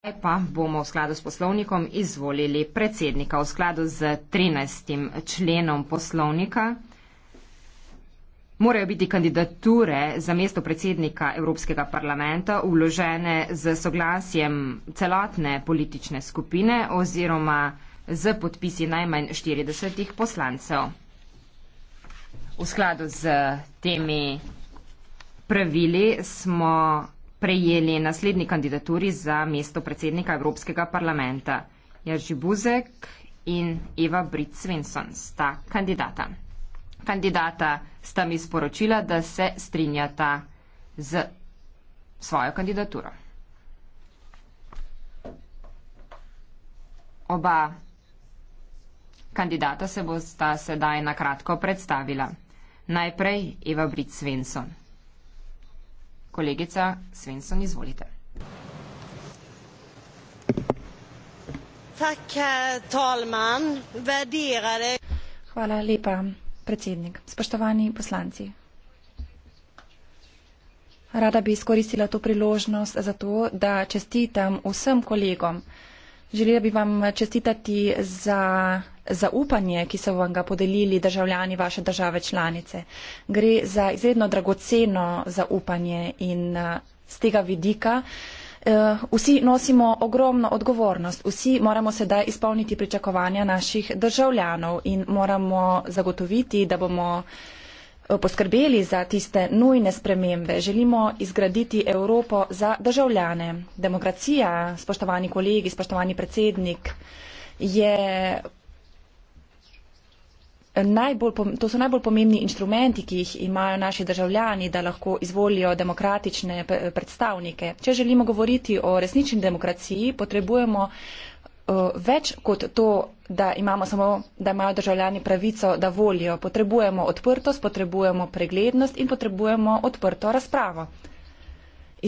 Zdaj pa bomo v skladu s poslovnikom izvolili predsednika v skladu z 13. členom poslovnika. Morajo biti kandidature za mesto predsednika Evropskega parlamenta vložene z soglasjem celotne politične skupine oziroma z podpisi najmanj 40 poslancev. V skladu z temi pravili smo prejeli naslednji kandidaturi za mesto predsednika Evropskega parlamenta. Jerzy Buzek in Eva Brit Svensson sta kandidata. Kandidata sta mi sporočila, da se strinjata z svojo kandidaturo. Oba kandidata se bosta sedaj na kratko predstavila. Najprej Eva Brit Svensson. Kolegica Svensson, izvolite. Tak, eh, talman, Hvala lepa, predsednik. Spoštovani poslanci. Rada bi izkoristila to priložnost za to, da čestitam vsem kolegom, Želela bi vam čestitati za zaupanje, ki so vam ga podelili državljani vaše države članice. Gre za izredno dragoceno zaupanje in z eh, tega vidika eh, vsi nosimo ogromno odgovornost. Vsi moramo sedaj izpolniti pričakovanja naših državljanov in moramo zagotoviti, da bomo Eh, poskrbeli za tiste nujne spremembe. Želimo izgraditi Evropo za državljane. Demokracija, spoštovani kolegi, spoštovani predsednik, je najbolj, to so najbolj pomembni inštrumenti, ki jih imajo naši državljani, da lahko izvolijo demokratične predstavnike. Če želimo govoriti o resnični demokraciji, potrebujemo uh, več kot to, da imamo samo, da imajo državljani pravico, da volijo. Potrebujemo odprtost, potrebujemo preglednost in potrebujemo odprto razpravo.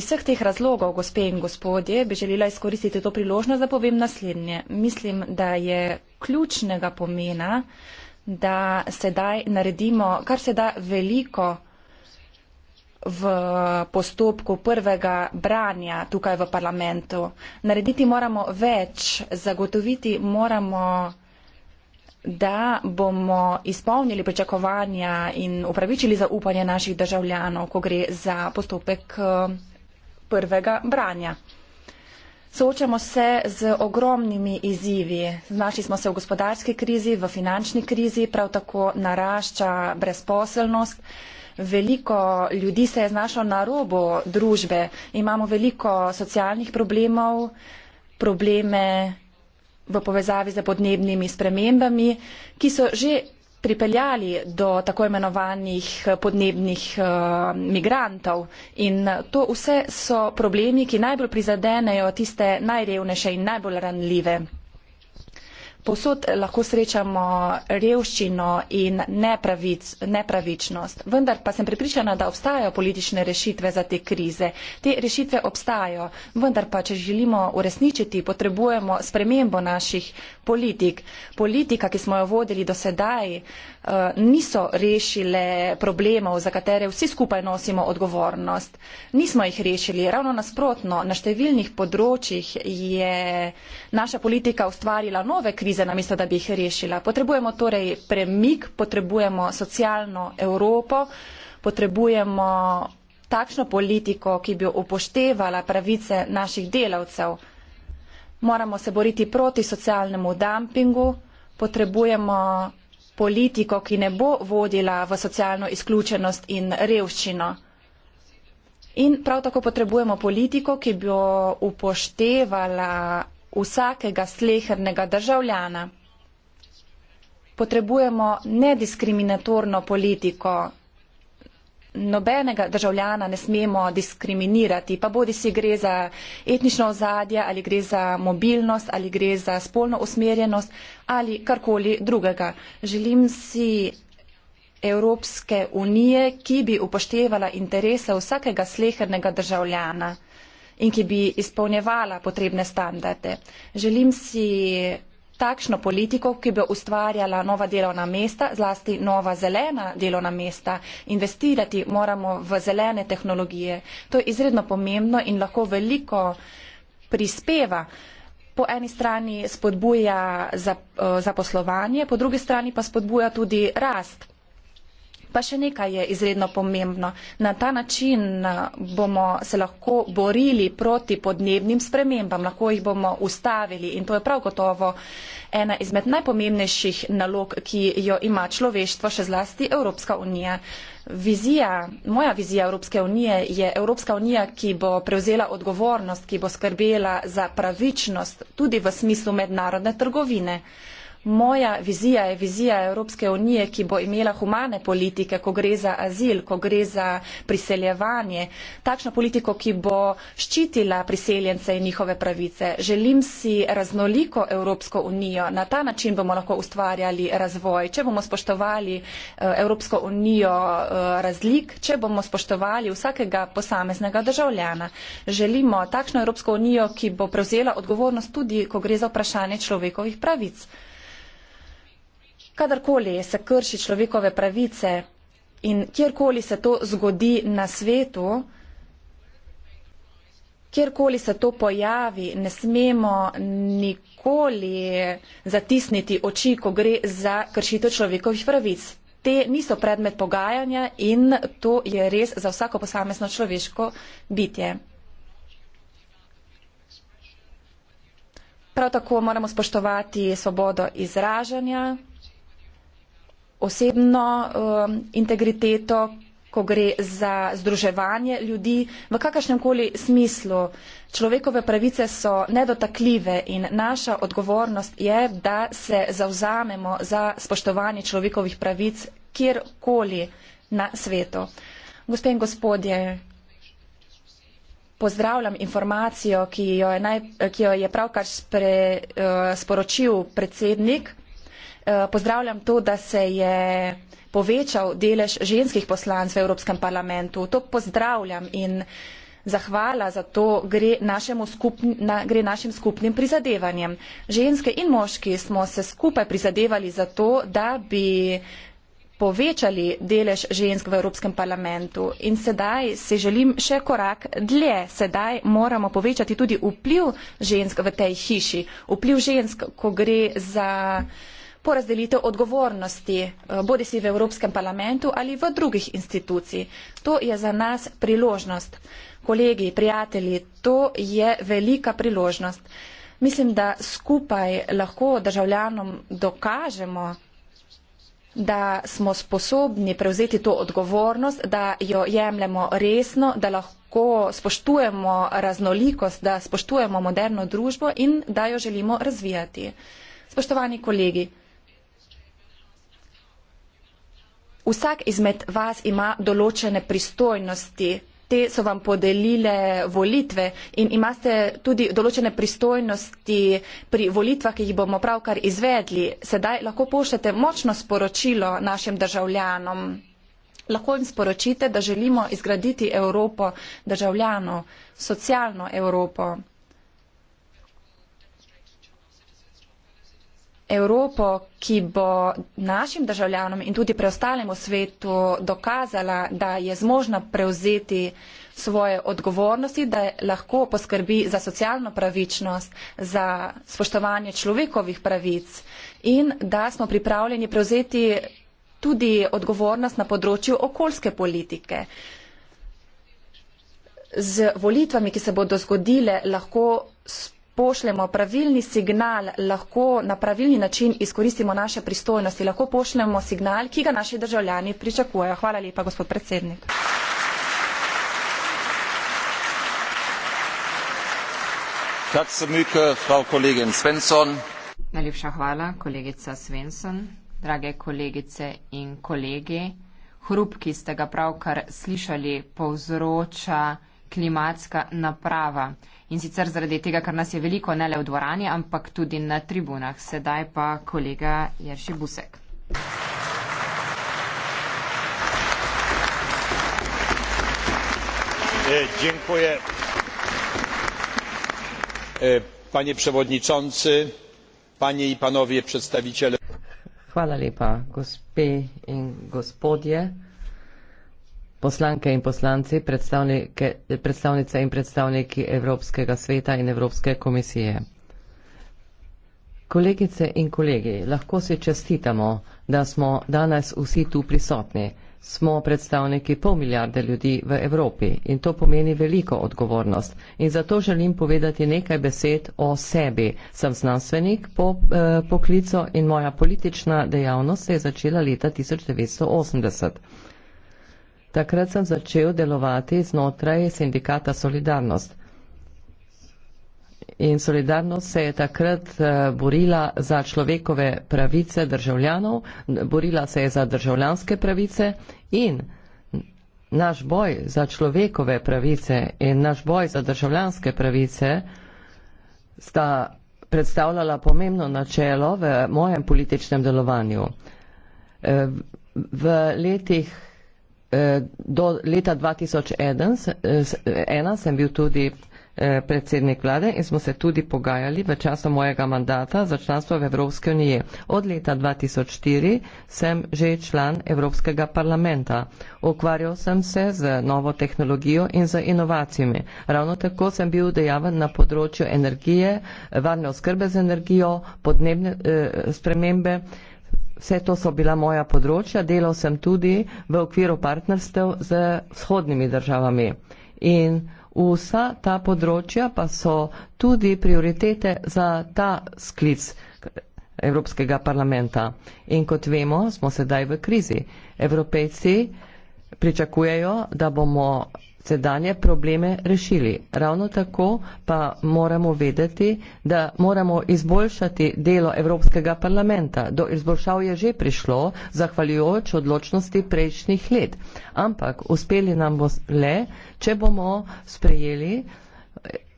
Iz vseh teh razlogov, gospe in gospodje, bi želela izkoristiti to priložnost, da povem naslednje. Mislim, da je ključnega pomena, da sedaj naredimo kar se da veliko v postopku prvega branja tukaj v parlamentu. Narediti moramo več, zagotoviti moramo, da bomo izpolnili pričakovanja in upravičili zaupanje naših državljanov, ko gre za postopek eh, prvega branja. Soočamo se z ogromnimi izzivi. Znašli smo se v gospodarski krizi, v finančni krizi, prav tako narašča brezposelnost veliko ljudi se je znašlo na robu družbe. Imamo veliko socialnih problemov, probleme v povezavi z podnebnimi spremembami, ki so že pripeljali do tako imenovanih podnebnih eh, migrantov. In to vse so problemi, ki najbolj prizadenejo tiste najrevnejše in najbolj ranljive. Posod lahko srečamo revščino in nepravic, nepravičnost. Vendar pa sem pripričana, da obstajajo politične rešitve za te krize. Te rešitve obstajajo, vendar pa, če želimo uresničiti, potrebujemo spremembo naših politik. Politika, ki smo jo vodili do sedaj, uh, Eh, niso rešile problemov, za katere vsi skupaj nosimo odgovornost. Nismo jih rešili, ravno nasprotno, na številnih področjih je naša politika ustvarila nove krize, namesto da bi jih rešila. Potrebujemo torej premik, potrebujemo socialno Evropo, potrebujemo takšno politiko, ki bi upoštevala pravice naših delavcev. Moramo se boriti proti socialnemu dumpingu, potrebujemo politiko, ki ne bo vodila v socialno izključenost in revščino. In prav tako potrebujemo politiko, ki bo upoštevala vsakega slehernega državljana. Potrebujemo nediskriminatorno politiko, nobenega državljana ne smemo diskriminirati, pa bodi si gre za etnično ozadje ali gre za mobilnost ali gre za spolno usmerjenost ali karkoli drugega. Želim si Evropske unije, ki bi upoštevala interese vsakega slehernega državljana in ki bi izpolnjevala potrebne standarde. Želim si takšno politiko, ki bi ustvarjala nova delovna mesta, zlasti nova zelena delovna mesta. Investirati moramo v zelene tehnologije. To je izredno pomembno in lahko veliko prispeva. Po eni strani spodbuja eh, zaposlovanje, po drugi strani pa spodbuja tudi rast. Pa še nekaj je izredno pomembno. Na ta način eh, bomo se lahko borili proti podnebnim spremembam, lahko jih bomo ustavili in to je prav gotovo ena izmed najpomembnejših nalog, ki jo ima človeštvo, še zlasti Evropska unija. Vizija, moja vizija Evropske unije je Evropska unija, ki bo prevzela odgovornost, ki bo skrbela za pravičnost tudi v smislu mednarodne trgovine. Moja vizija je vizija Evropske unije, ki bo imela humane politike, ko gre za azil, ko gre za priseljevanje, takšno politiko, ki bo ščitila priseljence in njihove pravice. Želim si raznoliko Evropsko unijo. Na ta način bomo lahko ustvarjali razvoj. Če bomo spoštovali eh, Evropsko unijo eh, razlik, če bomo spoštovali vsakega posameznega državljana. Želimo takšno Evropsko unijo, ki bo prevzela odgovornost tudi, ko gre za vprašanje človekovih pravic kadarkoli se krši človekove pravice in kjerkoli se to zgodi na svetu, kjerkoli se to pojavi, ne smemo nikoli zatisniti oči, ko gre za kršitev človekovih pravic. Te niso predmet pogajanja in to je res za vsako posamezno človeško bitje. Prav tako moramo spoštovati svobodo izražanja osebno uh, integriteto, ko gre za združevanje ljudi v kakršnemkoli smislu. Človekove pravice so nedotakljive in naša odgovornost je, da se zauzamemo za spoštovanje človekovih pravic kjerkoli na svetu. Gospe in gospodje, pozdravljam informacijo, ki jo je, naj, ki jo je pravkar spre, uh, sporočil predsednik. Eh, pozdravljam to, da se je povečal delež ženskih poslancev v Evropskem parlamentu. To pozdravljam in zahvala za to gre, skupn, na, gre našim skupnim prizadevanjem. Ženske in moški smo se skupaj prizadevali za to, da bi povečali delež žensk v Evropskem parlamentu. In sedaj se želim še korak dlje. Sedaj moramo povečati tudi vpliv žensk v tej hiši. Vpliv žensk, ko gre za porazdelitev odgovornosti, eh, bodi si v Evropskem parlamentu ali v drugih institucij. To je za nas priložnost. Kolegi, prijatelji, to je velika priložnost. Mislim, da skupaj lahko državljanom dokažemo, da smo sposobni prevzeti to odgovornost, da jo jemljemo resno, da lahko spoštujemo raznolikost, da spoštujemo moderno družbo in da jo želimo razvijati. Spoštovani kolegi, Vsak izmed vas ima določene pristojnosti. Te so vam podelile volitve in imate tudi določene pristojnosti pri volitvah, ki jih bomo pravkar izvedli. Sedaj lahko pošljete močno sporočilo našim državljanom. Lahko jim sporočite, da želimo izgraditi Evropo državljanov, socialno Evropo. Evropo, ki bo našim državljanom in tudi preostalemu svetu dokazala, da je zmožna prevzeti svoje odgovornosti, da lahko poskrbi za socialno pravičnost, za spoštovanje človekovih pravic in da smo pripravljeni prevzeti tudi odgovornost na področju okoljske politike. Z volitvami, ki se bodo zgodile, lahko spoštovanje pošljemo pravilni signal, lahko na pravilni način izkoristimo naše pristojnosti, lahko pošljemo signal, ki ga naši državljani pričakujejo. Hvala lepa, gospod predsednik. Najlepša hvala, kolegica Svensson. Drage kolegice in kolegi, hrup, ki ste ga pravkar slišali, povzroča klimatska naprava. In sicer zaradi tega, ker nas je veliko ne le v dvorani, ampak tudi na tribunah. Sedaj pa kolega Jerši Busek. E, dziękuję. E, panie przewodniczący, panie i panowie przedstawiciele. Chwała lepa, gospie i gospodzie. E, poslanke in poslanci, predstavnice in predstavniki Evropskega sveta in Evropske komisije. Kolegice in kolegi, lahko se čestitamo, da smo danes vsi tu prisotni. Smo predstavniki pol milijarde ljudi v Evropi in to pomeni veliko odgovornost. In zato želim povedati nekaj besed o sebi. Sem znanstvenik po eh, poklicu in moja politična dejavnost se je začela leta 1980. Takrat sem začel delovati znotraj sindikata Solidarnost. In solidarnost se je takrat eh, borila za človekove pravice državljanov, borila se je za državljanske pravice in naš boj za človekove pravice in naš boj za državljanske pravice sta predstavljala pomembno načelo v mojem političnem delovanju. Eh, v letih Eh, do leta 2001 eh, sem bil tudi eh, predsednik vlade in smo se tudi pogajali v času mojega mandata za članstvo v Evropske unije. Od leta 2004 sem že član Evropskega parlamenta. Ukvarjal sem se z novo tehnologijo in z inovacijami. Ravno tako sem bil dejaven na področju energije, varne oskrbe z energijo, podnebne eh, spremembe. Eh, vse to so bila moja področja, delal sem tudi v okviru partnerstev z vzhodnimi državami. In vsa ta področja pa so tudi prioritete za ta sklic Evropskega parlamenta. In kot vemo, smo sedaj v krizi. Evropejci pričakujejo, da bomo sedanje probleme rešili. Ravno tako pa moramo vedeti, da moramo izboljšati delo Evropskega parlamenta. Do izboljšav je že prišlo, zahvaljujoč odločnosti prejšnjih let. Ampak uspeli nam bo le, če bomo sprejeli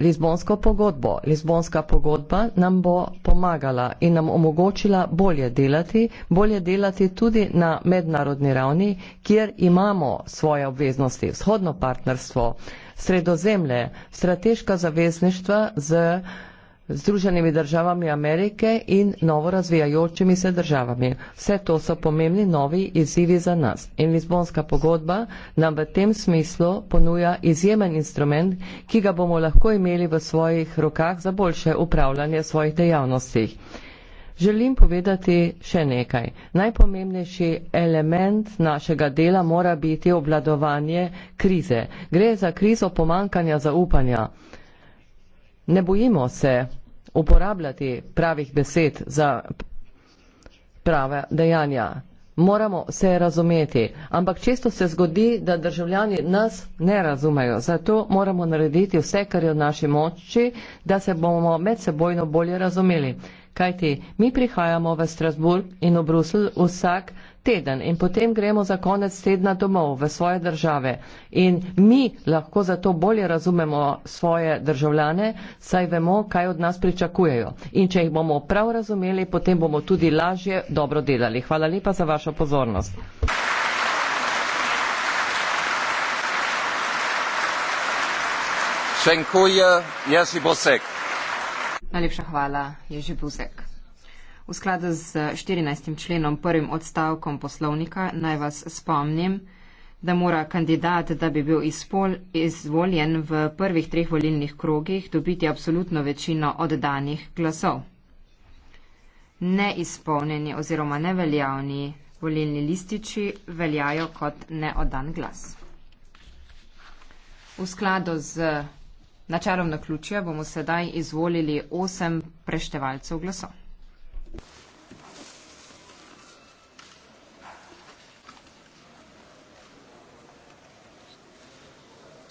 Lizbonsko pogodbo. Lizbonska pogodba nam bo pomagala in nam omogočila bolje delati, bolje delati tudi na mednarodni ravni, kjer imamo svoje obveznosti, vzhodno partnerstvo, sredozemlje, strateška zavezništva z Združenimi državami Amerike in novo razvijajočimi se državami. Vse to so pomembni novi izzivi za nas. In Lizbonska pogodba nam v tem smislu ponuja izjemen instrument, ki ga bomo lahko imeli v svojih rokah za boljše upravljanje svojih dejavnosti. Želim povedati še nekaj. Najpomembnejši element našega dela mora biti obladovanje krize. Gre za krizo pomankanja zaupanja ne bojimo se uporabljati pravih besed za prave dejanja. Moramo se razumeti, ampak često se zgodi, da državljani nas ne razumejo. Zato moramo narediti vse, kar je v naši moči, da se bomo medsebojno bolje razumeli. Kajti mi prihajamo v Strasburg in v Bruselj vsak teden in potem gremo za konec tedna domov v svoje države. In mi lahko zato bolje razumemo svoje državljane, saj vemo, kaj od nas pričakujejo. In če jih bomo prav razumeli, potem bomo tudi lažje dobro delali. Hvala lepa za vašo pozornost. Najlepša hvala, Ježi Buzek. V skladu z 14. členom prvim odstavkom poslovnika naj vas spomnim, da mora kandidat, da bi bil izpol, izvoljen v prvih treh volilnih krogih, dobiti absolutno večino oddanih glasov. Neizpolnjeni oziroma neveljavni volilni lističi veljajo kot neodan glas. V skladu z načelom na ključje bomo sedaj izvolili osem preštevalcev glasov.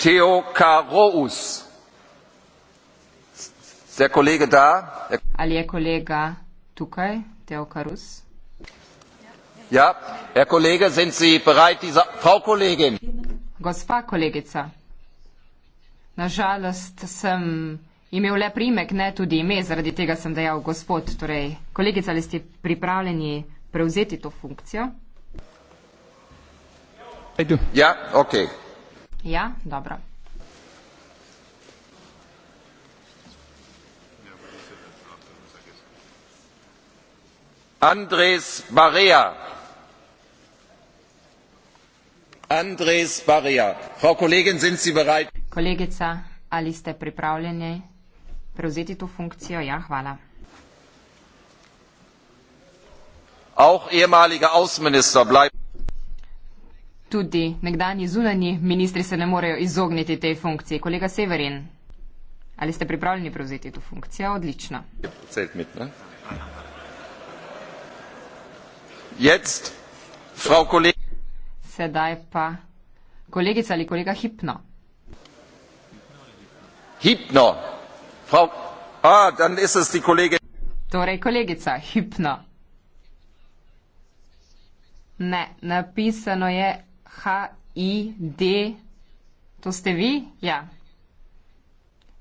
Theokaroos. Der Kollege da? Ali je kolega tukaj, Theokaroos? Ja, Herr Kollege, sind Sie bereit, diese Frau Kollegin? Gospa kolegica. Na žalost sem imel le primek, ne tudi ime, zaradi tega sem dejal gospod. Torej, kolegica, ali ste pripravljeni prevzeti to funkcijo? Ja, okej. Okay. Ja, dobro. Andres Barea. Andres Barea. Frau Kollegin, sind Sie bereit? Kollegica, ali ste pripravljeni prevzeti to funkcijo? Ja, hvala. Auch ehemaliger Außenminister bleibt tudi nekdani zunani ministri se ne morejo izogniti tej funkciji. Kolega Severin, ali ste pripravljeni prevzeti to funkcijo? Odlično. Sedaj pa kolegica ali kolega Hipno. Hipno. Frau... Ah, dann ist es die Kollegin. Torej kolegica, Hipno. Ne, napisano je H-I-D, to ste vi? Ja.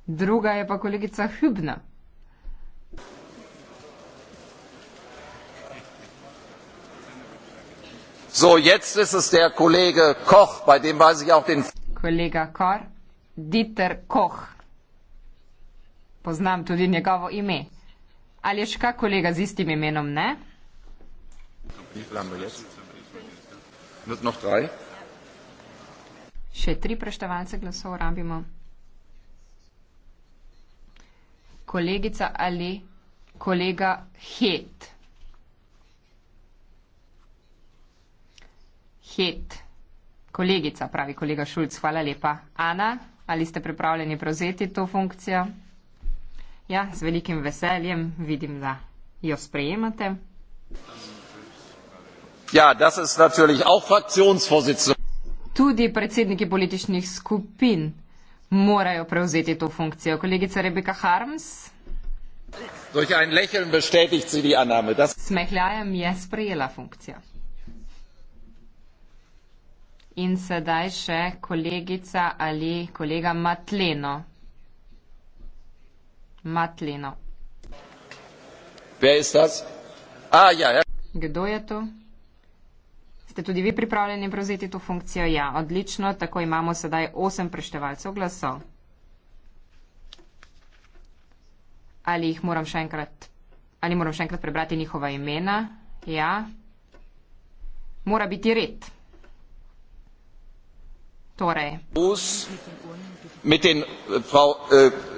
Druga je pa kolegica Hübner. So, jetzt ist es der Kollege Koch, bei dem weiß ich auch den. Kollege Kor, Dieter Koch. Poznam tudi njegovo ime. Ali je še kak kolega z istim imenom, ne? Noch drei. Še tri preštevalce glasov rabimo. Kolegica ali kolega Het. Het. Kolegica, pravi kolega Šulc, hvala lepa. Ana, ali ste pripravljeni prevzeti to funkcijo? Ja, z velikim veseljem vidim, da jo sprejemate. Ja, das ist natürlich auch Fraktionsvorsitzende tudi predsedniki političnih skupin morajo prevzeti to funkcijo. Kolegica Rebeka Harms. Smehljajem je sprejela funkcijo. In sedaj še kolegica ali kolega Matleno. Matleno. Ah, ja, ja. Kdo je to? Ste tudi vi pripravljeni prevzeti to funkcijo? Ja, odlično, tako imamo sedaj osem preštevalcev glasov. Ali jih moram še enkrat, ali moram še enkrat prebrati njihova imena? Ja. Mora biti red. Torej.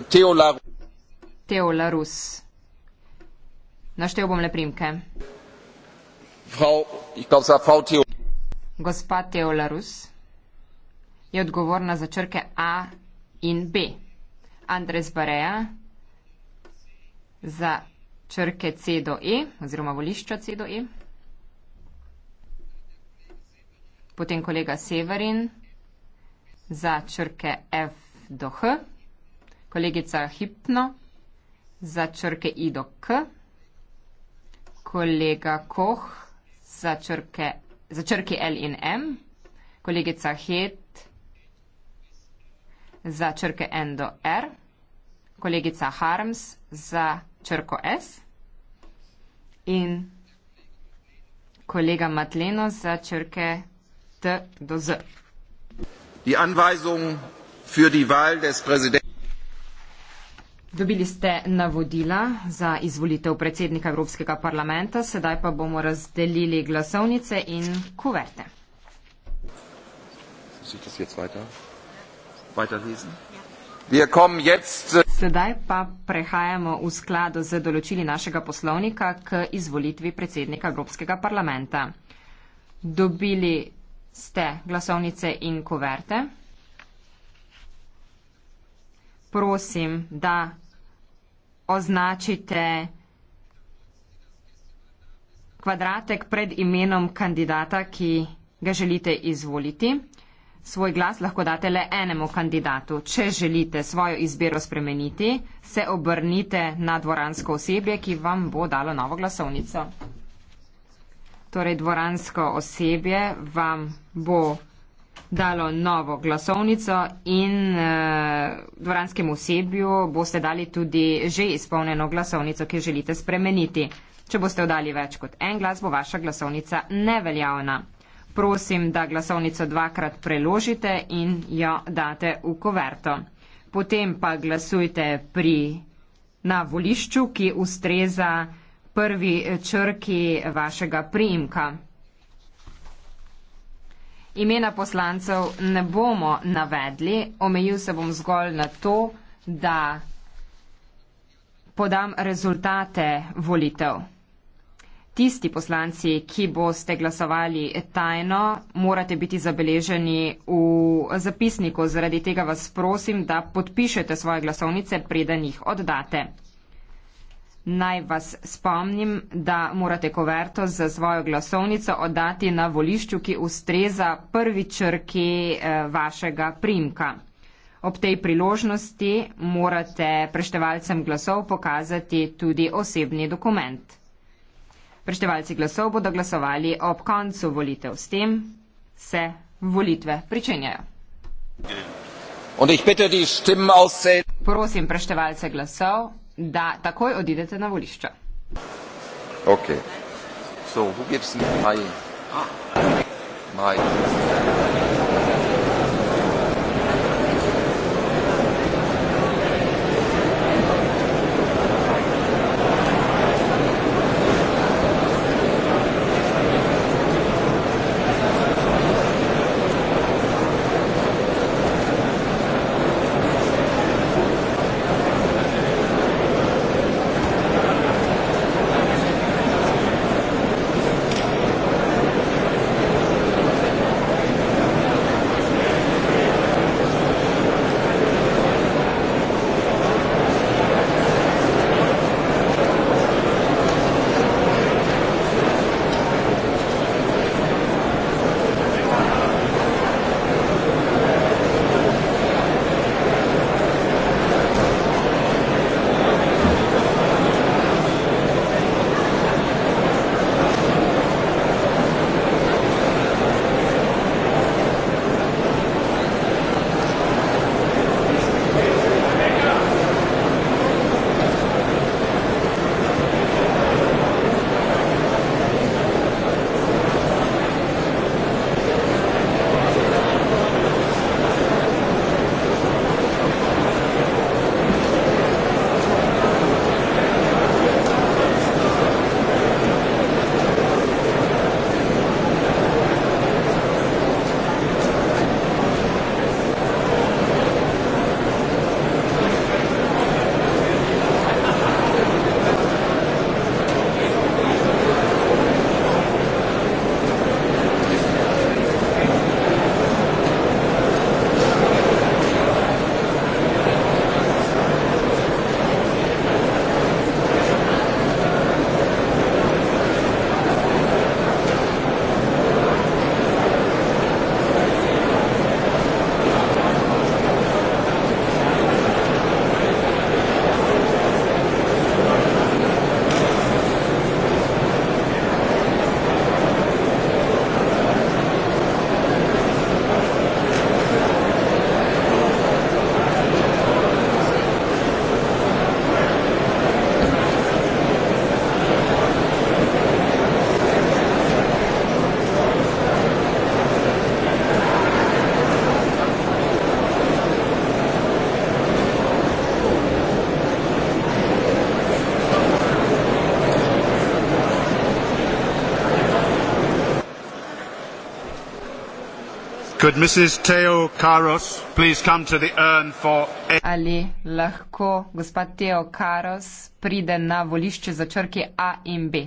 Teo äh, äh, Larus. Naštel bom le primke. Frau, ich glaube, es war Frau Theo. Gospa Teolarus je odgovorna za črke A in B. Andres Bareja za črke C do E oziroma volišča C do E. Potem kolega Severin za črke F do H. Kolegica Hipno za črke I do K. Kolega Koh za črke za črki L in M, kolegica Het za črke N do R, kolegica Harms za črko S in kolega Matleno za črke T do Z. Die Anweisung für die Wahl des Präsidenten. Dobili ste navodila za izvolitev predsednika Evropskega parlamenta, sedaj pa bomo razdelili glasovnice in kuverte. Sedaj pa prehajamo v skladu z določili našega poslovnika k izvolitvi predsednika Evropskega parlamenta. Dobili ste glasovnice in kuverte. Prosim, da označite kvadratek pred imenom kandidata, ki ga želite izvoliti. Svoj glas lahko date le enemu kandidatu. Če želite svojo izbiro spremeniti, se obrnite na dvoransko osebje, ki vam bo dalo novo glasovnico. Torej, dvoransko osebje vam bo dalo novo glasovnico in uh, dvoranskemu osebju boste dali tudi že izpolneno glasovnico, ki jo želite spremeniti. Če boste oddali več kot en glas, bo vaša glasovnica neveljavna. Prosim, da glasovnico dvakrat preložite in jo date v kuverto. Potem pa glasujte pri, na volišču, ki ustreza prvi črki vašega priimka. Imena poslancev ne bomo navedli, omejil se bom zgolj na to, da podam rezultate volitev. Tisti poslanci, ki boste glasovali tajno, morate biti zabeleženi v zapisniku. Zaradi tega vas prosim, da podpišete svoje glasovnice, preden jih oddate. Naj vas spomnim, da morate koverto za svojo glasovnico oddati na volišču, ki ustreza prvi črki eh, vašega primka. Ob tej priložnosti morate preštevalcem glasov pokazati tudi osebni dokument. Preštevalci glasov bodo glasovali ob koncu volitev. S tem se volitve pričenjajo. Prosim, preštevalce glasov, da takoj odidete na volišča. Okay. So, Could Mrs. Teo Karos please come to the urn for A? Ali lahko gospod Teo Karos pride na volišče za črke A in B?